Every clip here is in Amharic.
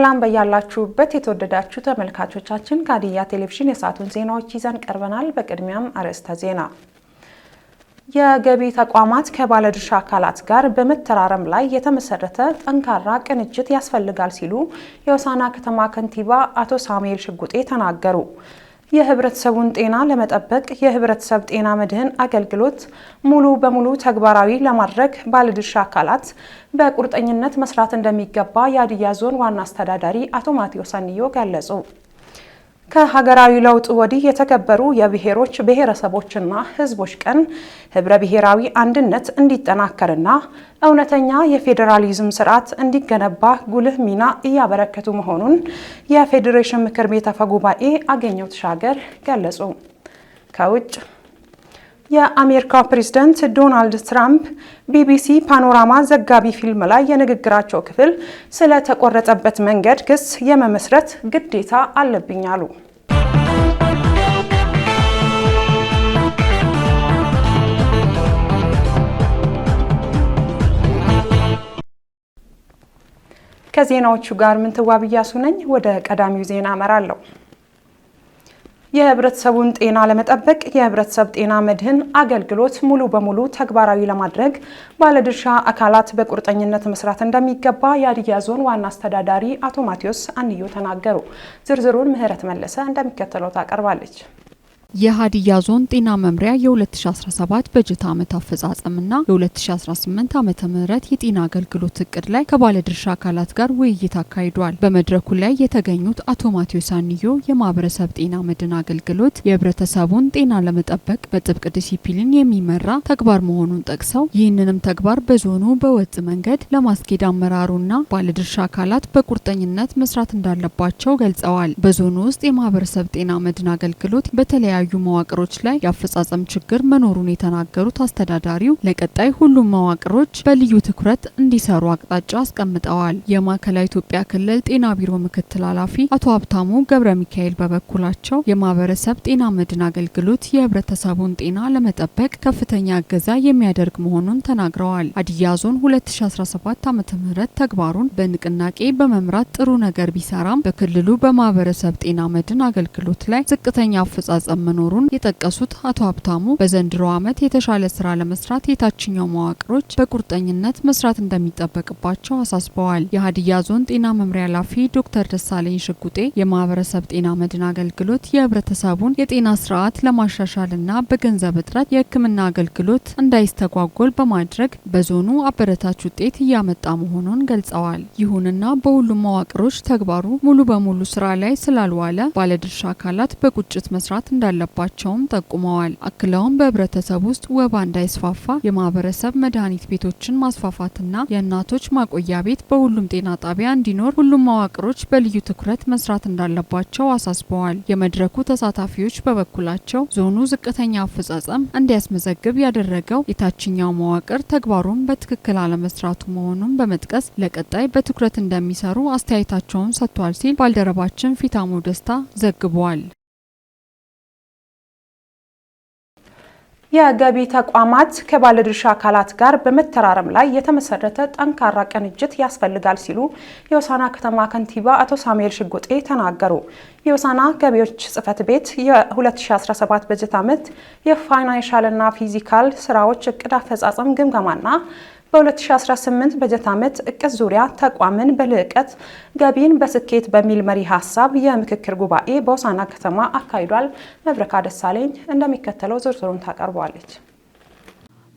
ሰላም በያላችሁበት የተወደዳችሁ ተመልካቾቻችን፣ ሀዲያ ቴሌቪዥን የሰዓቱን ዜናዎች ይዘን ቀርበናል። በቅድሚያም አርዕስተ ዜና። የገቢ ተቋማት ከባለድርሻ አካላት ጋር በመተራረም ላይ የተመሰረተ ጠንካራ ቅንጅት ያስፈልጋል ሲሉ የሆሳዕና ከተማ ከንቲባ አቶ ሳሙኤል ሽጉጤ ተናገሩ። የህብረተሰቡን ጤና ለመጠበቅ የህብረተሰብ ጤና መድህን አገልግሎት ሙሉ በሙሉ ተግባራዊ ለማድረግ ባለድርሻ አካላት በቁርጠኝነት መስራት እንደሚገባ የሀዲያ ዞን ዋና አስተዳዳሪ አቶ ማቴዎስ አንዮ ገለጹ። ከሀገራዊ ለውጥ ወዲህ የተከበሩ የብሔሮች ብሔረሰቦችና ሕዝቦች ቀን ህብረ ብሔራዊ አንድነት እንዲጠናከርና እውነተኛ የፌዴራሊዝም ስርዓት እንዲገነባ ጉልህ ሚና እያበረከቱ መሆኑን የፌዴሬሽን ምክር ቤት አፈ ጉባኤ አገኘሁ ተሻገር ገለጹ። ከውጭ የአሜሪካ ፕሬዝደንት ዶናልድ ትራምፕ ቢቢሲ ፓኖራማ ዘጋቢ ፊልም ላይ የንግግራቸው ክፍል ስለተቆረጠበት መንገድ ክስ የመመስረት ግዴታ አለብኝ አሉ። ከዜናዎቹ ጋር ምንትዋብ እያሱ ነኝ። ወደ ቀዳሚው ዜና አመራለሁ። የህብረተሰቡን ጤና ለመጠበቅ የህብረተሰብ ጤና መድህን አገልግሎት ሙሉ በሙሉ ተግባራዊ ለማድረግ ባለድርሻ አካላት በቁርጠኝነት መስራት እንደሚገባ የሀዲያ ዞን ዋና አስተዳዳሪ አቶ ማቴዎስ አንዮ ተናገሩ። ዝርዝሩን ምህረት መለሰ እንደሚከተለው ታቀርባለች። የሀዲያ ዞን ጤና መምሪያ የ2017 በጀት ዓመት አፈጻጸምና የ2018 ዓመተ ምህረት የጤና አገልግሎት እቅድ ላይ ከባለድርሻ አካላት ጋር ውይይት አካሂዷል። በመድረኩ ላይ የተገኙት አቶ ማቴዎስ አንዮ የማህበረሰብ ጤና መድን አገልግሎት የህብረተሰቡን ጤና ለመጠበቅ በጥብቅ ዲሲፕሊን የሚመራ ተግባር መሆኑን ጠቅሰው ይህንንም ተግባር በዞኑ በወጥ መንገድ ለማስኬድ አመራሩና ባለድርሻ አካላት በቁርጠኝነት መስራት እንዳለባቸው ገልጸዋል። በዞኑ ውስጥ የማህበረሰብ ጤና መድን አገልግሎት በተለያ በተለያዩ መዋቅሮች ላይ የአፈጻጸም ችግር መኖሩን የተናገሩት አስተዳዳሪው ለቀጣይ ሁሉም መዋቅሮች በልዩ ትኩረት እንዲሰሩ አቅጣጫ አስቀምጠዋል። የማዕከላዊ ኢትዮጵያ ክልል ጤና ቢሮ ምክትል ኃላፊ አቶ ሀብታሙ ገብረ ሚካኤል በበኩላቸው የማህበረሰብ ጤና መድን አገልግሎት የህብረተሰቡን ጤና ለመጠበቅ ከፍተኛ እገዛ የሚያደርግ መሆኑን ተናግረዋል። ሀዲያ ዞን 2017 ዓ ም ተግባሩን በንቅናቄ በመምራት ጥሩ ነገር ቢሰራም በክልሉ በማህበረሰብ ጤና መድን አገልግሎት ላይ ዝቅተኛ አፈጻጸም መኖሩን የጠቀሱት አቶ ሀብታሙ በዘንድሮ ዓመት የተሻለ ስራ ለመስራት የታችኛው መዋቅሮች በቁርጠኝነት መስራት እንደሚጠበቅባቸው አሳስበዋል። የሀዲያ ዞን ጤና መምሪያ ኃላፊ ዶክተር ደሳለኝ ሽጉጤ የማህበረሰብ ጤና መድን አገልግሎት የህብረተሰቡን የጤና ስርዓት ለማሻሻልና በገንዘብ እጥረት የህክምና አገልግሎት እንዳይስተጓጎል በማድረግ በዞኑ አበረታች ውጤት እያመጣ መሆኑን ገልጸዋል። ይሁንና በሁሉም መዋቅሮች ተግባሩ ሙሉ በሙሉ ስራ ላይ ስላልዋለ ባለድርሻ አካላት በቁጭት መስራት እንዳለ እንዳለባቸውም ጠቁመዋል። አክለውም በህብረተሰብ ውስጥ ወባ እንዳይስፋፋ የማህበረሰብ መድኃኒት ቤቶችን ማስፋፋትና የእናቶች ማቆያ ቤት በሁሉም ጤና ጣቢያ እንዲኖር ሁሉም መዋቅሮች በልዩ ትኩረት መስራት እንዳለባቸው አሳስበዋል። የመድረኩ ተሳታፊዎች በበኩላቸው ዞኑ ዝቅተኛ አፈጻጸም እንዲያስመዘግብ ያደረገው የታችኛው መዋቅር ተግባሩን በትክክል አለመስራቱ መሆኑን በመጥቀስ ለቀጣይ በትኩረት እንደሚሰሩ አስተያየታቸውን ሰጥቷል ሲል ባልደረባችን ፊታሙ ደስታ ዘግቧል። የገቢ ተቋማት ከባለድርሻ አካላት ጋር በመተራረም ላይ የተመሰረተ ጠንካራ ቅንጅት ያስፈልጋል ሲሉ የሆሳዕና ከተማ ከንቲባ አቶ ሳሙኤል ሽጉጤ ተናገሩ። የሆሳዕና ገቢዎች ጽሕፈት ቤት የ2017 በጀት ዓመት የፋይናንሻልና ፊዚካል ስራዎች እቅድ አፈጻጸም ግምገማና በ2018 በጀት ዓመት እቅድ ዙሪያ ተቋምን በልዕቀት ገቢን በስኬት በሚል መሪ ሀሳብ የምክክር ጉባኤ በሆሳዕና ከተማ አካሂዷል። መብረካ ደሳለኝ እንደሚከተለው ዝርዝሩን ታቀርበዋለች።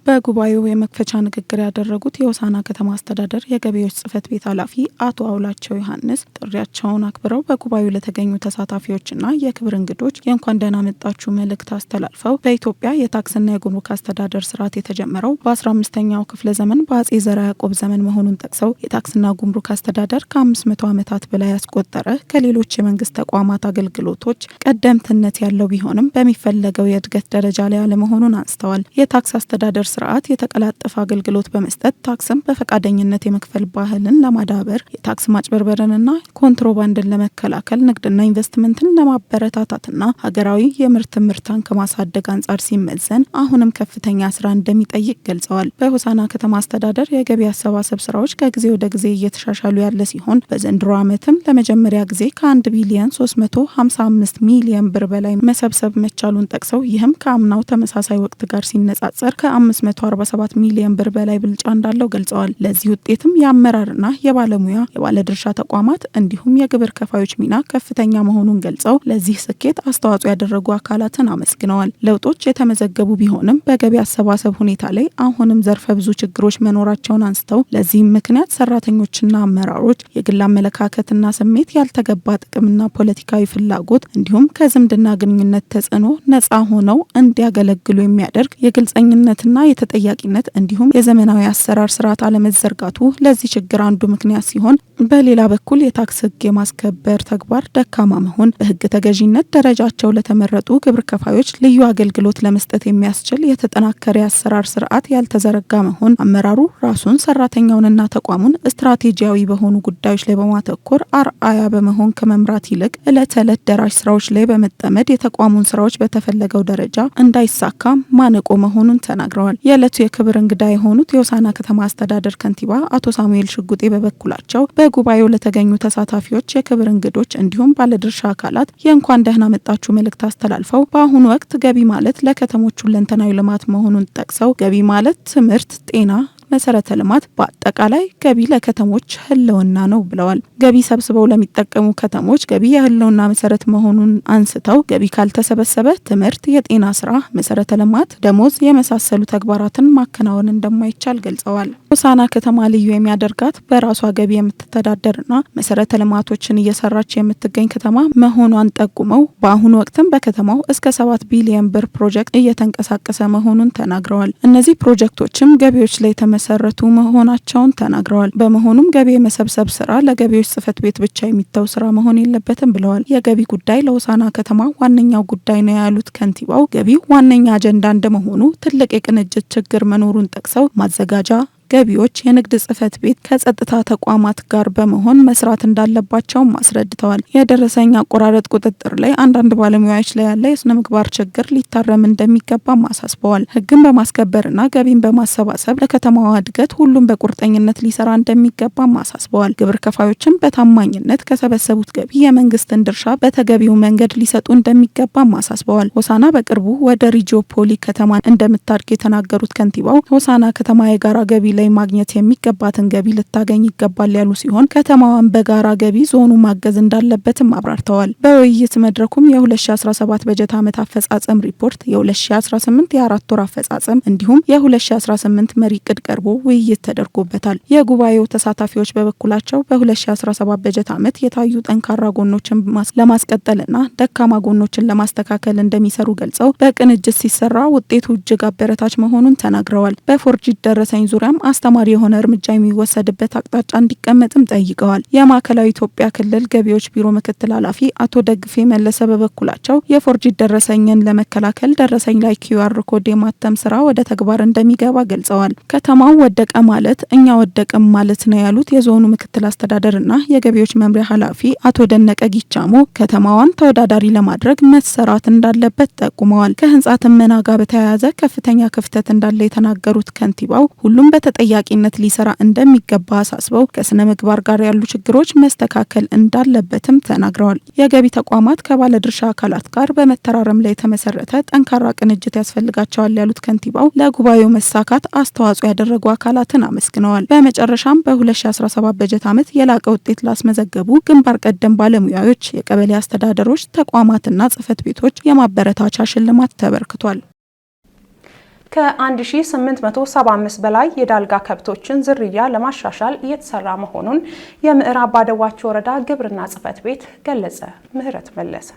በጉባኤው የመክፈቻ ንግግር ያደረጉት የሆሳና ከተማ አስተዳደር የገቢዎች ጽሕፈት ቤት ኃላፊ አቶ አውላቸው ዮሐንስ ጥሪያቸውን አክብረው በጉባኤው ለተገኙ ተሳታፊዎችና የክብር እንግዶች የእንኳን ደህና መጣችሁ መልእክት አስተላልፈው በኢትዮጵያ የታክስና የጉምሩክ አስተዳደር ስርዓት የተጀመረው በ15ኛው ክፍለ ዘመን በአጼ ዘርዓ ያዕቆብ ዘመን መሆኑን ጠቅሰው የታክስና ጉምሩክ አስተዳደር ከ500 ዓመታት በላይ ያስቆጠረ ከሌሎች የመንግስት ተቋማት አገልግሎቶች ቀደምትነት ያለው ቢሆንም በሚፈለገው የእድገት ደረጃ ላይ አለመሆኑን አንስተዋል። የታክስ አስተዳደር ስርዓት የተቀላጠፈ አገልግሎት በመስጠት ታክስን በፈቃደኝነት የመክፈል ባህልን ለማዳበር የታክስ ማጭበርበርንና ኮንትሮባንድን ለመከላከል ንግድና ኢንቨስትመንትን ለማበረታታትና ሀገራዊ የምርት ምርታን ከማሳደግ አንጻር ሲመዘን አሁንም ከፍተኛ ስራ እንደሚጠይቅ ገልጸዋል። በሆሳና ከተማ አስተዳደር የገቢ አሰባሰብ ስራዎች ከጊዜ ወደ ጊዜ እየተሻሻሉ ያለ ሲሆን በዘንድሮ ዓመትም ለመጀመሪያ ጊዜ ከ1 ቢሊዮን 355 ሚሊዮን ብር በላይ መሰብሰብ መቻሉን ጠቅሰው ይህም ከአምናው ተመሳሳይ ወቅት ጋር ሲነጻጸር ከ5 ከ ሚሊዮን ብር በላይ ብልጫ እንዳለው ገልጸዋል። ለዚህ ውጤትም የአመራርና የባለሙያ የባለድርሻ ተቋማት እንዲሁም የግብር ከፋዮች ሚና ከፍተኛ መሆኑን ገልጸው ለዚህ ስኬት አስተዋጽኦ ያደረጉ አካላትን አመስግነዋል። ለውጦች የተመዘገቡ ቢሆንም በገቢ አሰባሰብ ሁኔታ ላይ አሁንም ዘርፈ ብዙ ችግሮች መኖራቸውን አንስተው ለዚህም ምክንያት ሰራተኞችና አመራሮች የግል አመለካከትና ስሜት፣ ያልተገባ ጥቅምና ፖለቲካዊ ፍላጎት እንዲሁም ከዝምድና ግንኙነት ተጽዕኖ ነጻ ሆነው እንዲያገለግሉ የሚያደርግ የግልጸኝነትና የተጠያቂነት እንዲሁም የዘመናዊ አሰራር ስርዓት አለመዘርጋቱ ለዚህ ችግር አንዱ ምክንያት ሲሆን፣ በሌላ በኩል የታክስ ህግ የማስከበር ተግባር ደካማ መሆን በህግ ተገዥነት ደረጃቸው ለተመረጡ ግብር ከፋዮች ልዩ አገልግሎት ለመስጠት የሚያስችል የተጠናከረ የአሰራር ስርዓት ያልተዘረጋ መሆን አመራሩ ራሱን ሰራተኛውንና ተቋሙን ስትራቴጂያዊ በሆኑ ጉዳዮች ላይ በማተኮር አርአያ በመሆን ከመምራት ይልቅ እለት ተዕለት ደራሽ ስራዎች ላይ በመጠመድ የተቋሙን ስራዎች በተፈለገው ደረጃ እንዳይሳካ ማነቆ መሆኑን ተናግረዋል። የዕለቱ የክብር እንግዳ የሆኑት የሆሳና ከተማ አስተዳደር ከንቲባ አቶ ሳሙኤል ሽጉጤ በበኩላቸው በጉባኤው ለተገኙ ተሳታፊዎች፣ የክብር እንግዶች እንዲሁም ባለድርሻ አካላት የእንኳን ደህና መጣችሁ መልእክት አስተላልፈው በአሁኑ ወቅት ገቢ ማለት ለከተሞች ሁለንተናዊ ልማት መሆኑን ጠቅሰው ገቢ ማለት ትምህርት፣ ጤና መሰረተ ልማት በአጠቃላይ ገቢ ለከተሞች ህልውና ነው ብለዋል። ገቢ ሰብስበው ለሚጠቀሙ ከተሞች ገቢ የህልውና መሰረት መሆኑን አንስተው ገቢ ካልተሰበሰበ ትምህርት፣ የጤና ስራ፣ መሰረተ ልማት፣ ደሞዝ የመሳሰሉ ተግባራትን ማከናወን እንደማይቻል ገልጸዋል። ሆሳና ከተማ ልዩ የሚያደርጋት በራሷ ገቢ የምትተዳደርና መሰረተ ልማቶችን እየሰራች የምትገኝ ከተማ መሆኗን ጠቁመው በአሁኑ ወቅትም በከተማው እስከ ሰባት ቢሊየን ብር ፕሮጀክት እየተንቀሳቀሰ መሆኑን ተናግረዋል። እነዚህ ፕሮጀክቶችም ገቢዎች ላይ የተመሰረቱ መሆናቸውን ተናግረዋል። በመሆኑም ገቢ የመሰብሰብ ስራ ለገቢዎች ጽህፈት ቤት ብቻ የሚተው ስራ መሆን የለበትም ብለዋል። የገቢ ጉዳይ ለሆሳና ከተማ ዋነኛው ጉዳይ ነው ያሉት ከንቲባው ገቢ ዋነኛ አጀንዳ እንደመሆኑ ትልቅ የቅንጅት ችግር መኖሩን ጠቅሰው ማዘጋጃ ገቢዎች የንግድ ጽህፈት ቤት ከጸጥታ ተቋማት ጋር በመሆን መስራት እንዳለባቸውም አስረድተዋል። የደረሰኝ አቆራረጥ ቁጥጥር ላይ አንዳንድ ባለሙያዎች ላይ ያለ የስነ ምግባር ችግር ሊታረም እንደሚገባም አሳስበዋል። በማስከበር በማስከበርና ገቢን በማሰባሰብ ለከተማዋ እድገት ሁሉም በቁርጠኝነት ሊሰራ እንደሚገባም አሳስበዋል። ግብር ከፋዮችም በታማኝነት ከሰበሰቡት ገቢ የመንግስትን ድርሻ በተገቢው መንገድ ሊሰጡ እንደሚገባም አሳስበዋል። ሆሳና በቅርቡ ወደ ሪጂዮፖሊ ከተማ እንደምታድግ የተናገሩት ከንቲባው ሆሳና ከተማ የጋራ ገቢ ላይ ላይ ማግኘት የሚገባትን ገቢ ልታገኝ ይገባል ያሉ ሲሆን ከተማዋን በጋራ ገቢ ዞኑ ማገዝ እንዳለበትም አብራርተዋል። በውይይት መድረኩም የ2017 በጀት ዓመት አፈጻጸም ሪፖርት፣ የ2018 የአራት ወር አፈጻጸም እንዲሁም የ2018 መሪ ቅድ ቀርቦ ውይይት ተደርጎበታል። የጉባኤው ተሳታፊዎች በበኩላቸው በ2017 በጀት ዓመት የታዩ ጠንካራ ጎኖችን ለማስቀጠልና ደካማ ጎኖችን ለማስተካከል እንደሚሰሩ ገልጸው በቅንጅት ሲሰራ ውጤቱ እጅግ አበረታች መሆኑን ተናግረዋል። በፎርጅት ደረሰኝ ዙሪያም አስተማሪ የሆነ እርምጃ የሚወሰድበት አቅጣጫ እንዲቀመጥም ጠይቀዋል። የማዕከላዊ ኢትዮጵያ ክልል ገቢዎች ቢሮ ምክትል ኃላፊ አቶ ደግፌ መለሰ በበኩላቸው የፎርጂት ደረሰኝን ለመከላከል ደረሰኝ ላይ ኪዩአር ኮድ የማተም ስራ ወደ ተግባር እንደሚገባ ገልጸዋል። ከተማው ወደቀ ማለት እኛ ወደቅም ማለት ነው ያሉት የዞኑ ምክትል አስተዳደርና የገቢዎች መምሪያ ኃላፊ አቶ ደነቀ ጊቻሞ ከተማዋን ተወዳዳሪ ለማድረግ መሰራት እንዳለበት ጠቁመዋል። ከህንጻ ትመና ጋር በተያያዘ ከፍተኛ ክፍተት እንዳለ የተናገሩት ከንቲባው ሁሉም በተጠ በተጠያቂነት ሊሰራ እንደሚገባ አሳስበው ከስነ ምግባር ጋር ያሉ ችግሮች መስተካከል እንዳለበትም ተናግረዋል። የገቢ ተቋማት ከባለድርሻ አካላት ጋር በመተራረም ላይ የተመሰረተ ጠንካራ ቅንጅት ያስፈልጋቸዋል ያሉት ከንቲባው ለጉባኤው መሳካት አስተዋጽኦ ያደረጉ አካላትን አመስግነዋል። በመጨረሻም በ2017 በጀት ዓመት የላቀ ውጤት ላስመዘገቡ ግንባር ቀደም ባለሙያዎች፣ የቀበሌ አስተዳደሮች፣ ተቋማትና ጽህፈት ቤቶች የማበረታቻ ሽልማት ተበርክቷል። ከ1875 በላይ የዳልጋ ከብቶችን ዝርያ ለማሻሻል እየተሰራ መሆኑን የምዕራብ ባደዋቸው ወረዳ ግብርና ጽሕፈት ቤት ገለጸ። ምህረት መለሰ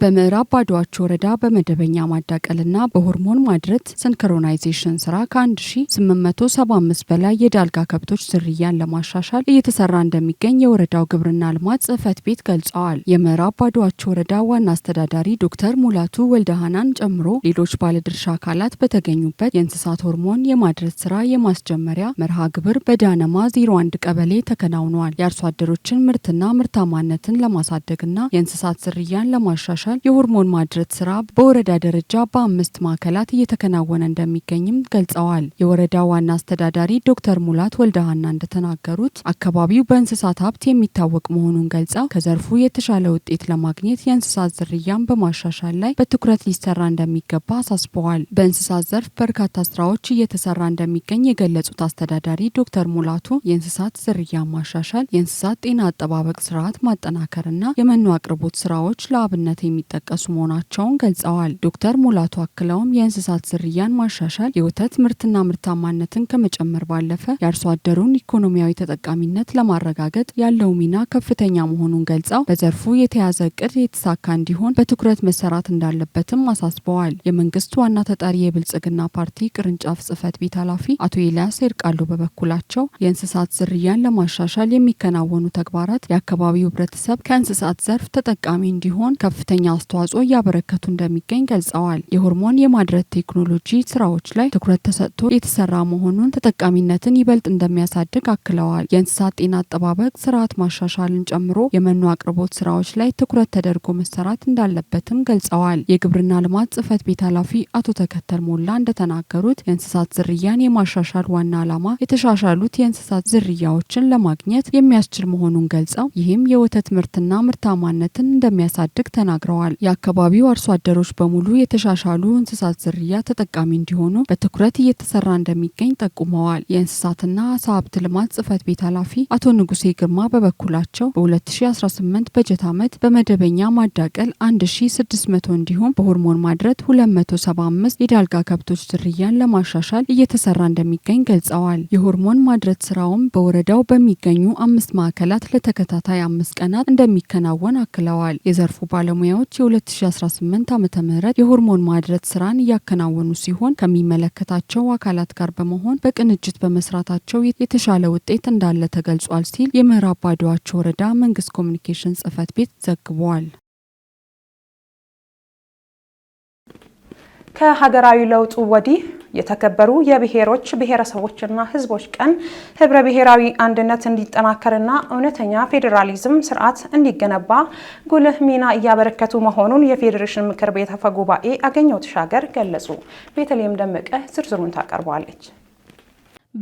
በምዕራብ ባዶዋቾ ወረዳ በመደበኛ ማዳቀልና በሆርሞን ማድረት ሲንክሮናይዜሽን ስራ ከ1875 በላይ የዳልጋ ከብቶች ዝርያን ለማሻሻል እየተሰራ እንደሚገኝ የወረዳው ግብርና ልማት ጽሕፈት ቤት ገልጸዋል። የምዕራብ ባዶዋቾ ወረዳ ዋና አስተዳዳሪ ዶክተር ሙላቱ ወልደሃናን ጨምሮ ሌሎች ባለድርሻ አካላት በተገኙበት የእንስሳት ሆርሞን የማድረት ስራ የማስጀመሪያ መርሃ ግብር በዳነማ 01 ቀበሌ ተከናውኗል። የአርሶ አደሮችን ምርትና ምርታማነትን ለማሳደግና የእንስሳት ዝርያን ለማሻሻል ለማሻሻል የሆርሞን ማድረት ስራ በወረዳ ደረጃ በአምስት ማዕከላት እየተከናወነ እንደሚገኝም ገልጸዋል። የወረዳ ዋና አስተዳዳሪ ዶክተር ሙላት ወልደሃና እንደተናገሩት አካባቢው በእንስሳት ሀብት የሚታወቅ መሆኑን ገልጸው ከዘርፉ የተሻለ ውጤት ለማግኘት የእንስሳት ዝርያን በማሻሻል ላይ በትኩረት ሊሰራ እንደሚገባ አሳስበዋል። በእንስሳት ዘርፍ በርካታ ስራዎች እየተሰራ እንደሚገኝ የገለጹት አስተዳዳሪ ዶክተር ሙላቱ የእንስሳት ዝርያ ማሻሻል፣ የእንስሳት ጤና አጠባበቅ ስርዓት ማጠናከርና የመኖ አቅርቦት ስራዎች ለአብነት የሚጠቀሱ መሆናቸውን ገልጸዋል። ዶክተር ሙላቱ አክለውም የእንስሳት ዝርያን ማሻሻል የወተት ምርትና ምርታማነትን ከመጨመር ባለፈ የአርሶ አደሩን ኢኮኖሚያዊ ተጠቃሚነት ለማረጋገጥ ያለው ሚና ከፍተኛ መሆኑን ገልጸው በዘርፉ የተያዘ እቅድ የተሳካ እንዲሆን በትኩረት መሰራት እንዳለበትም አሳስበዋል። የመንግስት ዋና ተጠሪ የብልጽግና ፓርቲ ቅርንጫፍ ጽህፈት ቤት ኃላፊ አቶ ኤልያስ ይርቃሉ በበኩላቸው የእንስሳት ዝርያን ለማሻሻል የሚከናወኑ ተግባራት የአካባቢው ህብረተሰብ ከእንስሳት ዘርፍ ተጠቃሚ እንዲሆን ከፍተኛ ከፍተኛ አስተዋጽኦ እያበረከቱ እንደሚገኝ ገልጸዋል። የሆርሞን የማድረት ቴክኖሎጂ ስራዎች ላይ ትኩረት ተሰጥቶ የተሰራ መሆኑን ተጠቃሚነትን ይበልጥ እንደሚያሳድግ አክለዋል። የእንስሳት ጤና አጠባበቅ ስርዓት ማሻሻልን ጨምሮ የመኖ አቅርቦት ስራዎች ላይ ትኩረት ተደርጎ መሰራት እንዳለበትም ገልጸዋል። የግብርና ልማት ጽህፈት ቤት ኃላፊ አቶ ተከተል ሞላ እንደተናገሩት የእንስሳት ዝርያን የማሻሻል ዋና ዓላማ የተሻሻሉት የእንስሳት ዝርያዎችን ለማግኘት የሚያስችል መሆኑን ገልጸው ይህም የወተት ምርትና ምርታማነትን እንደሚያሳድግ ተናግረዋል። ተናግረዋል። የአካባቢው አርሶ አደሮች በሙሉ የተሻሻሉ እንስሳት ዝርያ ተጠቃሚ እንዲሆኑ በትኩረት እየተሰራ እንደሚገኝ ጠቁመዋል። የእንስሳትና አሳ ሀብት ልማት ጽህፈት ቤት ኃላፊ አቶ ንጉሴ ግርማ በበኩላቸው በ2018 በጀት ዓመት በመደበኛ ማዳቀል 1600 እንዲሁም በሆርሞን ማድረት 275 የዳልጋ ከብቶች ዝርያን ለማሻሻል እየተሰራ እንደሚገኝ ገልጸዋል። የሆርሞን ማድረት ስራውም በወረዳው በሚገኙ አምስት ማዕከላት ለተከታታይ አምስት ቀናት እንደሚከናወን አክለዋል። የዘርፉ ባለሙያዎች ባለሙያዎች የ2018 ዓ ም የሆርሞን ማድረት ስራን እያከናወኑ ሲሆን ከሚመለከታቸው አካላት ጋር በመሆን በቅንጅት በመስራታቸው የተሻለ ውጤት እንዳለ ተገልጿል ሲል የምዕራብ ባዶዋቾ ወረዳ መንግስት ኮሚኒኬሽን ጽህፈት ቤት ዘግቧል። ከሀገራዊ ለውጡ ወዲህ የተከበሩ የብሔሮች ብሔረሰቦችና ህዝቦች ቀን ህብረ ብሔራዊ አንድነት እንዲጠናከርና እውነተኛ ፌዴራሊዝም ስርዓት እንዲገነባ ጉልህ ሚና እያበረከቱ መሆኑን የፌዴሬሽን ምክር ቤት አፈ ጉባኤ ተሻገር ገለጹ። ቤተልሔም ደመቀ ዝርዝሩን ታቀርባለች።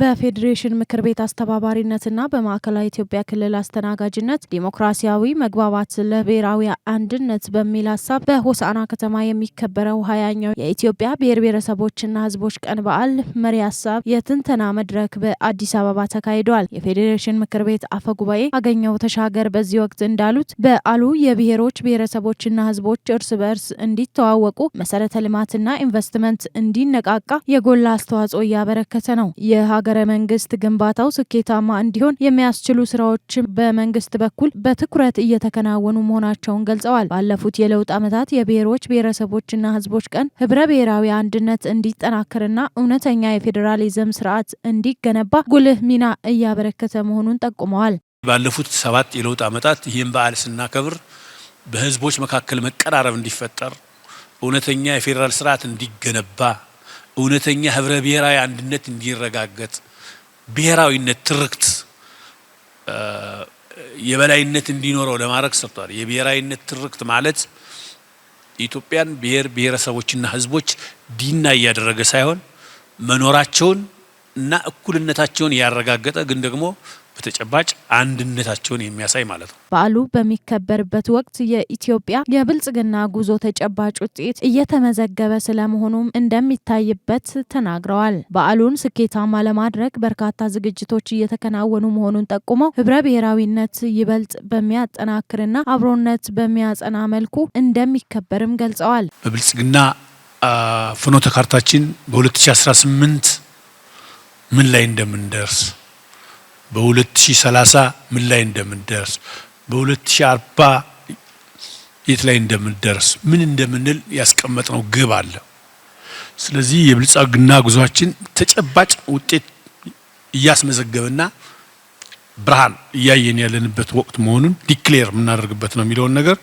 በፌዴሬሽን ምክር ቤት አስተባባሪነትና በማዕከላዊ ኢትዮጵያ ክልል አስተናጋጅነት ዲሞክራሲያዊ መግባባት ለብሔራዊ አንድነት በሚል ሀሳብ በሆሳና ከተማ የሚከበረው ሀያኛው የኢትዮጵያ ብሔር ብሔረሰቦችና ሕዝቦች ቀን በዓል መሪ ሀሳብ የትንተና መድረክ በአዲስ አበባ ተካሂዷል። የፌዴሬሽን ምክር ቤት አፈ ጉባኤ አገኘው ተሻገር በዚህ ወቅት እንዳሉት በዓሉ የብሔሮች ብሔረሰቦችና ሕዝቦች እርስ በእርስ እንዲተዋወቁ፣ መሰረተ ልማትና ኢንቨስትመንት እንዲነቃቃ የጎላ አስተዋጽኦ እያበረከተ ነው። ሀገረ መንግስት ግንባታው ስኬታማ እንዲሆን የሚያስችሉ ስራዎችም በመንግስት በኩል በትኩረት እየተከናወኑ መሆናቸውን ገልጸዋል። ባለፉት የለውጥ ዓመታት የብሔሮች ብሔረሰቦችና ህዝቦች ቀን ህብረ ብሔራዊ አንድነት እንዲጠናከርና እውነተኛ የፌዴራሊዝም ስርዓት እንዲገነባ ጉልህ ሚና እያበረከተ መሆኑን ጠቁመዋል። ባለፉት ሰባት የለውጥ ዓመታት ይህም በዓል ስናከብር በህዝቦች መካከል መቀራረብ እንዲፈጠር እውነተኛ የፌዴራል ስርዓት እንዲገነባ እውነተኛ ህብረ ብሔራዊ አንድነት እንዲረጋገጥ ብሔራዊነት ትርክት የበላይነት እንዲኖረው ለማድረግ ሰርቷል። የብሔራዊነት ትርክት ማለት ኢትዮጵያን ብሔር ብሔረሰቦችና ህዝቦች ዲና እያደረገ ሳይሆን መኖራቸውን እና እኩልነታቸውን ያረጋገጠ ግን ደግሞ በተጨባጭ አንድነታቸውን የሚያሳይ ማለት ነው። በዓሉ በሚከበርበት ወቅት የኢትዮጵያ የብልጽግና ጉዞ ተጨባጭ ውጤት እየተመዘገበ ስለመሆኑም እንደሚታይበት ተናግረዋል። በዓሉን ስኬታማ ለማድረግ በርካታ ዝግጅቶች እየተከናወኑ መሆኑን ጠቁመው ህብረ ብሔራዊነት ይበልጥ በሚያጠናክርና አብሮነት በሚያጸና መልኩ እንደሚከበርም ገልጸዋል። በብልጽግና ፍኖተ ካርታችን በ2018 ምን ላይ እንደምንደርስ በ2030 ምን ላይ እንደምንደርስ በ2040 የት ላይ እንደምንደርስ ምን እንደምንል ያስቀመጥነው ግብ አለ። ስለዚህ የብልጻግና ጉዟችን ተጨባጭ ውጤት እያስመዘገብና ብርሃን እያየን ያለንበት ወቅት መሆኑን ዲክሌር የምናደርግበት ነው የሚለውን ነገር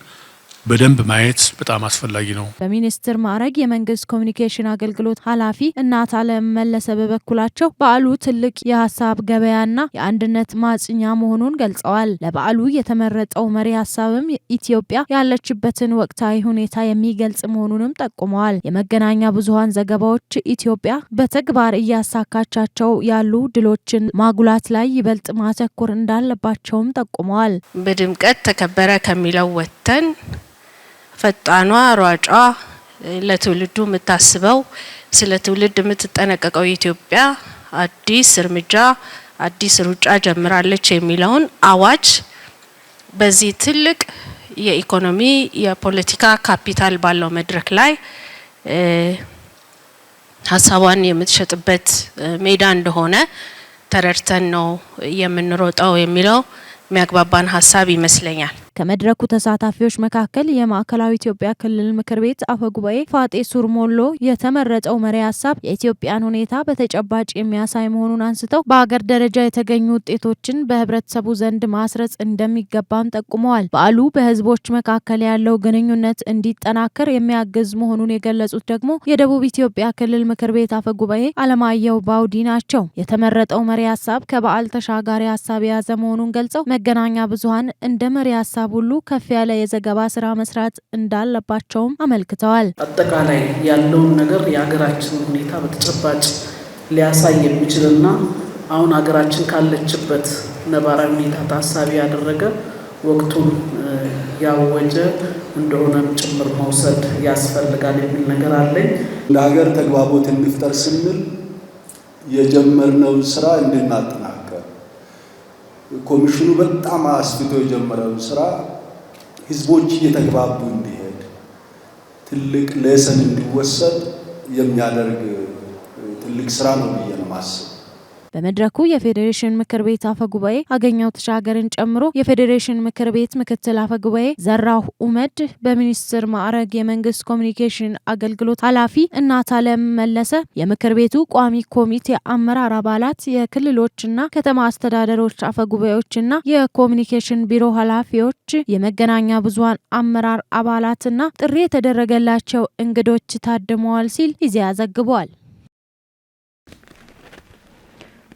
በደንብ ማየት በጣም አስፈላጊ ነው። በሚኒስትር ማዕረግ የመንግስት ኮሚኒኬሽን አገልግሎት ኃላፊ እናት አለም መለሰ በበኩላቸው በዓሉ ትልቅ የሀሳብ ገበያና የአንድነት ማጽኛ መሆኑን ገልጸዋል። ለበዓሉ የተመረጠው መሪ ሀሳብም ኢትዮጵያ ያለችበትን ወቅታዊ ሁኔታ የሚገልጽ መሆኑንም ጠቁመዋል። የመገናኛ ብዙሀን ዘገባዎች ኢትዮጵያ በተግባር እያሳካቻቸው ያሉ ድሎችን ማጉላት ላይ ይበልጥ ማተኮር እንዳለባቸውም ጠቁመዋል። በድምቀት ተከበረ ከሚለው ወጥተን ፈጣኗ ሯጯ ለትውልዱ የምታስበው ስለ ትውልድ የምትጠነቀቀው ኢትዮጵያ አዲስ እርምጃ አዲስ ሩጫ ጀምራለች የሚለውን አዋጅ በዚህ ትልቅ የኢኮኖሚ የፖለቲካ ካፒታል ባለው መድረክ ላይ ሀሳቧን የምትሸጥበት ሜዳ እንደሆነ ተረድተን ነው የምንሮጠው የሚለው የሚያግባባን ሀሳብ ይመስለኛል። ከመድረኩ ተሳታፊዎች መካከል የማዕከላዊ ኢትዮጵያ ክልል ምክር ቤት አፈ ጉባኤ ፋጤ ሱርሞሎ የተመረጠው መሪ ሀሳብ የኢትዮጵያን ሁኔታ በተጨባጭ የሚያሳይ መሆኑን አንስተው በአገር ደረጃ የተገኙ ውጤቶችን በህብረተሰቡ ዘንድ ማስረጽ እንደሚገባም ጠቁመዋል። በዓሉ በህዝቦች መካከል ያለው ግንኙነት እንዲጠናከር የሚያግዝ መሆኑን የገለጹት ደግሞ የደቡብ ኢትዮጵያ ክልል ምክር ቤት አፈ ጉባኤ አለማየሁ ባውዲ ናቸው። የተመረጠው መሪ ሀሳብ ከበዓል ተሻጋሪ ሀሳብ የያዘ መሆኑን ገልጸው መገናኛ ብዙኃን እንደ መሪ ሀሳብ ሀሳብ ሁሉ ከፍ ያለ የዘገባ ስራ መስራት እንዳለባቸውም አመልክተዋል። አጠቃላይ ያለውን ነገር የሀገራችንን ሁኔታ በተጨባጭ ሊያሳይ የሚችልና አሁን ሀገራችን ካለችበት ነባራዊ ሁኔታ ታሳቢ ያደረገ ወቅቱን ያወጀ እንደሆነም ጭምር መውሰድ ያስፈልጋል የሚል ነገር አለኝ። ለሀገር ተግባቦት እንፍጠር ስንል የጀመርነውን ስራ እንድናጠናል ኮሚሽኑ በጣም አስፍቶ የጀመረውን ስራ ህዝቦች እየተግባቡ እንዲሄድ ትልቅ ሌሰን እንዲወሰድ የሚያደርግ ትልቅ ስራ ነው ብዬ ነው ማስብ በመድረኩ የፌዴሬሽን ምክር ቤት አፈ ጉባኤ አገኘው ተሻገርን ጨምሮ የፌዴሬሽን ምክር ቤት ምክትል አፈ ጉባኤ ዘራሁ ኡመድ፣ በሚኒስትር ማዕረግ የመንግስት ኮሚኒኬሽን አገልግሎት ኃላፊ እናት አለም መለሰ፣ የምክር ቤቱ ቋሚ ኮሚቴ አመራር አባላት፣ የክልሎችና ከተማ አስተዳደሮች አፈ ጉባኤዎችና የኮሚኒኬሽን ቢሮ ኃላፊዎች፣ የመገናኛ ብዙሀን አመራር አባላትና ጥሪ የተደረገላቸው እንግዶች ታድመዋል ሲል ኢዜአ ዘግቧል።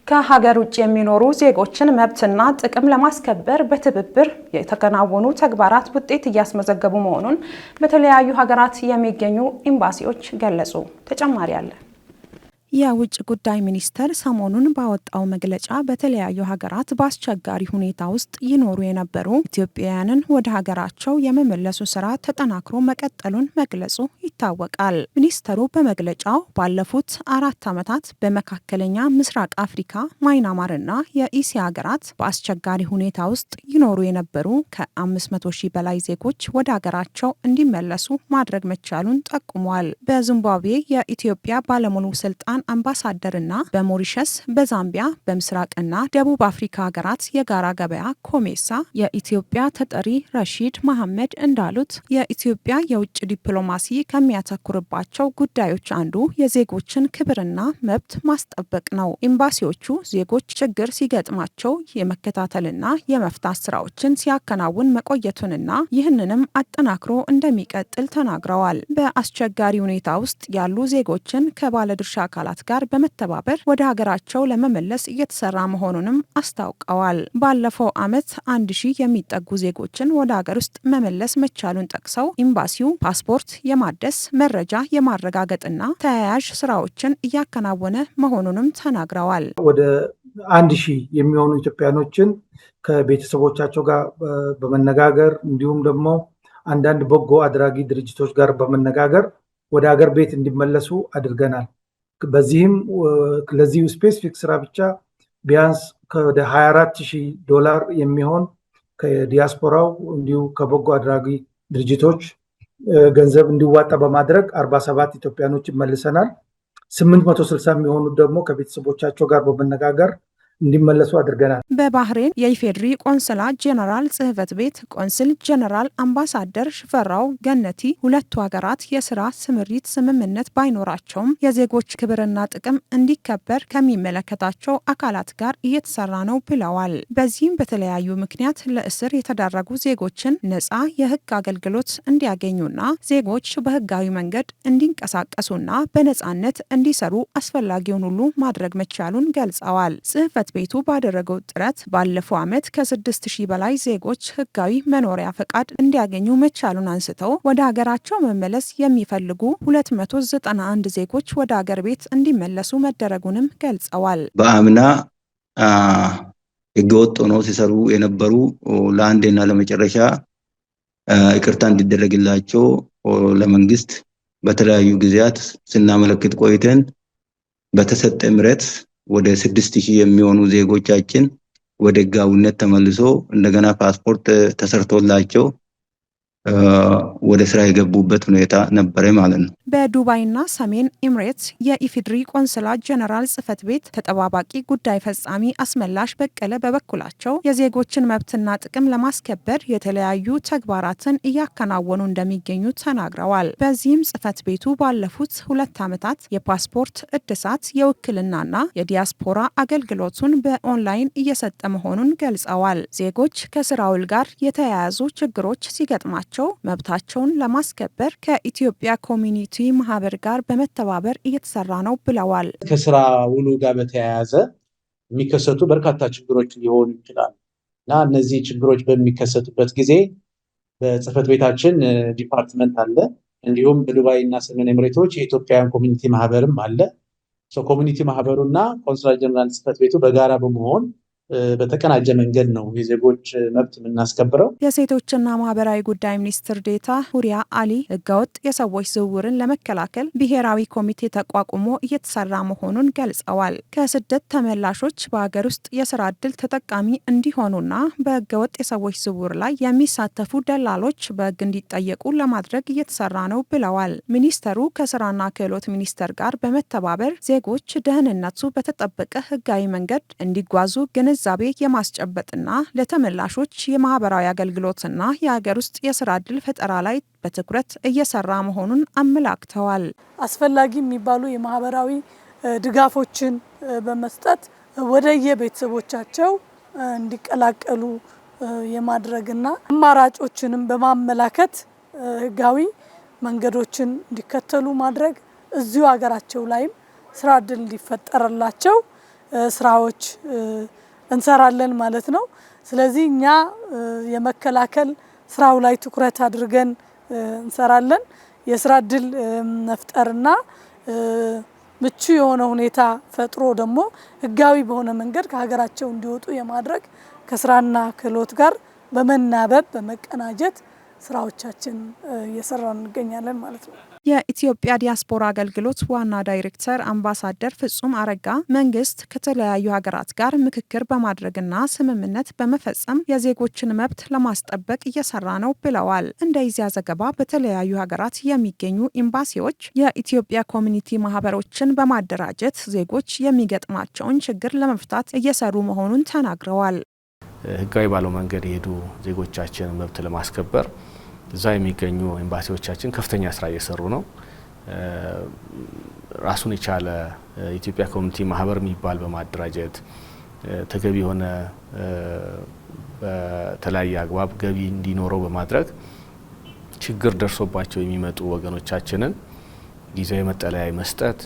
ከሀገር ውጭ የሚኖሩ ዜጎችን መብትና ጥቅም ለማስከበር በትብብር የተከናወኑ ተግባራት ውጤት እያስመዘገቡ መሆኑን በተለያዩ ሀገራት የሚገኙ ኤምባሲዎች ገለጹ። ተጨማሪ አለ። የውጭ ጉዳይ ሚኒስተር ሰሞኑን ባወጣው መግለጫ በተለያዩ ሀገራት በአስቸጋሪ ሁኔታ ውስጥ ይኖሩ የነበሩ ኢትዮጵያውያንን ወደ ሀገራቸው የመመለሱ ስራ ተጠናክሮ መቀጠሉን መግለጹ ይታወቃል። ሚኒስተሩ በመግለጫው ባለፉት አራት ዓመታት በመካከለኛ ምስራቅ አፍሪካ፣ ማይናማርና የኢሲያ ሀገራት በአስቸጋሪ ሁኔታ ውስጥ ይኖሩ የነበሩ ከ500 ሺህ በላይ ዜጎች ወደ ሀገራቸው እንዲመለሱ ማድረግ መቻሉን ጠቁሟል። በዚምባብዌ የኢትዮጵያ ባለሙሉ ስልጣን አምባሳደርና በሞሪሸስ በዛምቢያ በምስራቅና ደቡብ አፍሪካ ሀገራት የጋራ ገበያ ኮሜሳ የኢትዮጵያ ተጠሪ ረሺድ መሐመድ እንዳሉት የኢትዮጵያ የውጭ ዲፕሎማሲ ከሚያተኩርባቸው ጉዳዮች አንዱ የዜጎችን ክብርና መብት ማስጠበቅ ነው። ኤምባሲዎቹ ዜጎች ችግር ሲገጥማቸው የመከታተልና የመፍታት ስራዎችን ሲያከናውን መቆየቱንና ይህንንም አጠናክሮ እንደሚቀጥል ተናግረዋል። በአስቸጋሪ ሁኔታ ውስጥ ያሉ ዜጎችን ከባለድርሻ አካላት አካላት ጋር በመተባበር ወደ ሀገራቸው ለመመለስ እየተሰራ መሆኑንም አስታውቀዋል። ባለፈው ዓመት አንድ ሺህ የሚጠጉ ዜጎችን ወደ ሀገር ውስጥ መመለስ መቻሉን ጠቅሰው ኤምባሲው ፓስፖርት የማደስ መረጃ የማረጋገጥና ተያያዥ ስራዎችን እያከናወነ መሆኑንም ተናግረዋል። ወደ አንድ ሺህ የሚሆኑ ኢትዮጵያኖችን ከቤተሰቦቻቸው ጋር በመነጋገር እንዲሁም ደግሞ አንዳንድ በጎ አድራጊ ድርጅቶች ጋር በመነጋገር ወደ ሀገር ቤት እንዲመለሱ አድርገናል። በዚህም ለዚሁ ስፔሲፊክ ስራ ብቻ ቢያንስ ወደ 24 ሺህ ዶላር የሚሆን ከዲያስፖራው እንዲሁ ከበጎ አድራጊ ድርጅቶች ገንዘብ እንዲዋጣ በማድረግ 47 ኢትዮጵያኖችን መልሰናል። 860 የሚሆኑት ደግሞ ከቤተሰቦቻቸው ጋር በመነጋገር እንዲመለሱ አድርገናል። በባህሬን የኢፌድሪ ቆንስላ ጄኔራል ጽህፈት ቤት ቆንስል ጄኔራል አምባሳደር ሽፈራው ገነቲ ሁለቱ ሀገራት የስራ ስምሪት ስምምነት ባይኖራቸውም የዜጎች ክብርና ጥቅም እንዲከበር ከሚመለከታቸው አካላት ጋር እየተሰራ ነው ብለዋል። በዚህም በተለያዩ ምክንያት ለእስር የተዳረጉ ዜጎችን ነጻ የህግ አገልግሎት እንዲያገኙና ዜጎች በህጋዊ መንገድ እንዲንቀሳቀሱና በነጻነት እንዲሰሩ አስፈላጊውን ሁሉ ማድረግ መቻሉን ገልጸዋል። ጽህፈት ጽሕፈት ቤቱ ባደረገው ጥረት ባለፈው ዓመት ከ ሺህ በላይ ዜጎች ህጋዊ መኖሪያ ፈቃድ እንዲያገኙ መቻሉን አንስተው ወደ ሀገራቸው መመለስ የሚፈልጉ 291 ዜጎች ወደ ሀገር ቤት እንዲመለሱ መደረጉንም ገልጸዋል። በአምና ህገወጥ ሆነው ሲሰሩ የነበሩ ለአንዴና ለመጨረሻ ይቅርታ እንዲደረግላቸው ለመንግስት በተለያዩ ጊዜያት ስናመለክት ቆይተን በተሰጠ ምረት ወደ ስድስት ሺህ የሚሆኑ ዜጎቻችን ወደ ህጋዊነት ተመልሶ እንደገና ፓስፖርት ተሰርቶላቸው ወደ ስራ የገቡበት ሁኔታ ነበረ ማለት ነው። በዱባይና ሰሜን ኤምሬትስ የኢፌዴሪ ቆንስላ ጀነራል ጽህፈት ቤት ተጠባባቂ ጉዳይ ፈጻሚ አስመላሽ በቀለ በበኩላቸው የዜጎችን መብትና ጥቅም ለማስከበር የተለያዩ ተግባራትን እያከናወኑ እንደሚገኙ ተናግረዋል። በዚህም ጽህፈት ቤቱ ባለፉት ሁለት ዓመታት የፓስፖርት እድሳት፣ የውክልናና የዲያስፖራ አገልግሎቱን በኦንላይን እየሰጠ መሆኑን ገልጸዋል። ዜጎች ከስራ ውል ጋር የተያያዙ ችግሮች ሲገጥማቸው መብታቸውን ለማስከበር ከኢትዮጵያ ኮሚኒቲ ማህበር ጋር በመተባበር እየተሰራ ነው ብለዋል። ከስራ ውሉ ጋር በተያያዘ የሚከሰቱ በርካታ ችግሮች ሊሆኑ ይችላል እና እነዚህ ችግሮች በሚከሰቱበት ጊዜ በጽህፈት ቤታችን ዲፓርትመንት አለ። እንዲሁም በዱባይ እና ሰሜን ኤምሬቶች የኢትዮጵያውያን ኮሚኒቲ ማህበርም አለ። ኮሚኒቲ ማህበሩና ኮንስላ ጀነራል ጽህፈት ቤቱ በጋራ በመሆን በተቀናጀ መንገድ ነው የዜጎች መብት የምናስከብረው። የሴቶችና ማህበራዊ ጉዳይ ሚኒስትር ዴታ ሁሪያ አሊ ህገወጥ የሰዎች ዝውውርን ለመከላከል ብሔራዊ ኮሚቴ ተቋቁሞ እየተሰራ መሆኑን ገልጸዋል። ከስደት ተመላሾች በሀገር ውስጥ የስራ እድል ተጠቃሚ እንዲሆኑና በህገወጥ የሰዎች ዝውውር ላይ የሚሳተፉ ደላሎች በህግ እንዲጠየቁ ለማድረግ እየተሰራ ነው ብለዋል። ሚኒስተሩ ከስራና ክህሎት ሚኒስቴር ጋር በመተባበር ዜጎች ደህንነቱ በተጠበቀ ህጋዊ መንገድ እንዲጓዙ ግን ግንዛቤ የማስጨበጥና ለተመላሾች የማህበራዊ አገልግሎትና የሀገር ውስጥ የስራ እድል ፈጠራ ላይ በትኩረት እየሰራ መሆኑን አመላክተዋል። አስፈላጊ የሚባሉ የማህበራዊ ድጋፎችን በመስጠት ወደየ ቤተሰቦቻቸው እንዲቀላቀሉ የማድረግና አማራጮችንም በማመላከት ህጋዊ መንገዶችን እንዲከተሉ ማድረግ እዚሁ ሀገራቸው ላይም ስራ እድል እንዲፈጠርላቸው ስራዎች እንሰራለን ማለት ነው። ስለዚህ እኛ የመከላከል ስራው ላይ ትኩረት አድርገን እንሰራለን። የስራ እድል መፍጠርና ምቹ የሆነ ሁኔታ ፈጥሮ ደግሞ ህጋዊ በሆነ መንገድ ከሀገራቸው እንዲወጡ የማድረግ ከስራና ክህሎት ጋር በመናበብ በመቀናጀት ስራዎቻችን እየሰራ እንገኛለን ማለት ነው። የኢትዮጵያ ዲያስፖራ አገልግሎት ዋና ዳይሬክተር አምባሳደር ፍጹም አረጋ መንግስት ከተለያዩ ሀገራት ጋር ምክክር በማድረግና ስምምነት በመፈጸም የዜጎችን መብት ለማስጠበቅ እየሰራ ነው ብለዋል። እንደ ኢዜአ ዘገባ በተለያዩ ሀገራት የሚገኙ ኤምባሲዎች የኢትዮጵያ ኮሚኒቲ ማህበሮችን በማደራጀት ዜጎች የሚገጥማቸውን ችግር ለመፍታት እየሰሩ መሆኑን ተናግረዋል። ህጋዊ ባለው መንገድ የሄዱ ዜጎቻችን መብት ለማስከበር እዛ የሚገኙ ኤምባሲዎቻችን ከፍተኛ ስራ እየሰሩ ነው። ራሱን የቻለ ኢትዮጵያ ኮሚኒቲ ማህበር የሚባል በማደራጀት ተገቢ የሆነ በተለያየ አግባብ ገቢ እንዲኖረው በማድረግ ችግር ደርሶባቸው የሚመጡ ወገኖቻችንን ጊዜያዊ መጠለያ መስጠት፣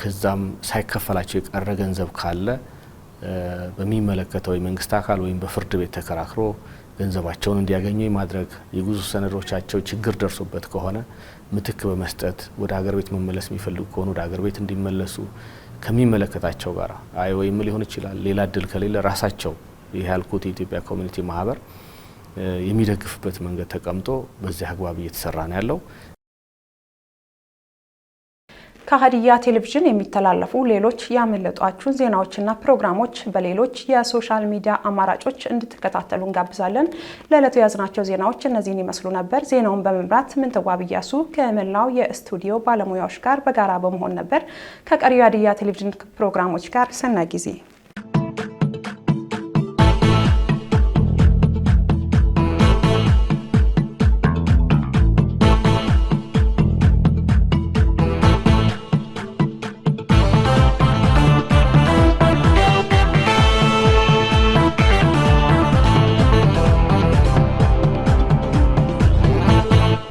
ከዛም ሳይከፈላቸው የቀረ ገንዘብ ካለ በሚመለከተው የመንግስት አካል ወይም በፍርድ ቤት ተከራክሮ ገንዘባቸውን እንዲያገኙ የማድረግ የጉዞ ሰነዶቻቸው ችግር ደርሶበት ከሆነ ምትክ በመስጠት ወደ ሀገር ቤት መመለስ የሚፈልጉ ከሆነ ወደ ሀገር ቤት እንዲመለሱ ከሚመለከታቸው ጋር አይ ወይም ሊሆን ይችላል ሌላ እድል ከሌለ ራሳቸው ይህ ያልኩት የኢትዮጵያ ኮሚኒቲ ማህበር የሚደግፍበት መንገድ ተቀምጦ በዚህ አግባብ እየተሰራ ነው ያለው። ከሀዲያ ቴሌቪዥን የሚተላለፉ ሌሎች ያመለጧችሁን ዜናዎችና ፕሮግራሞች በሌሎች የሶሻል ሚዲያ አማራጮች እንድትከታተሉ እንጋብዛለን። ለዕለቱ የያዝናቸው ዜናዎች እነዚህን ይመስሉ ነበር። ዜናውን በመምራት ምንትዋብ እያሱ ከመላው የስቱዲዮ ባለሙያዎች ጋር በጋራ በመሆን ነበር። ከቀሪው የሀዲያ ቴሌቪዥን ፕሮግራሞች ጋር ሰና ጊዜ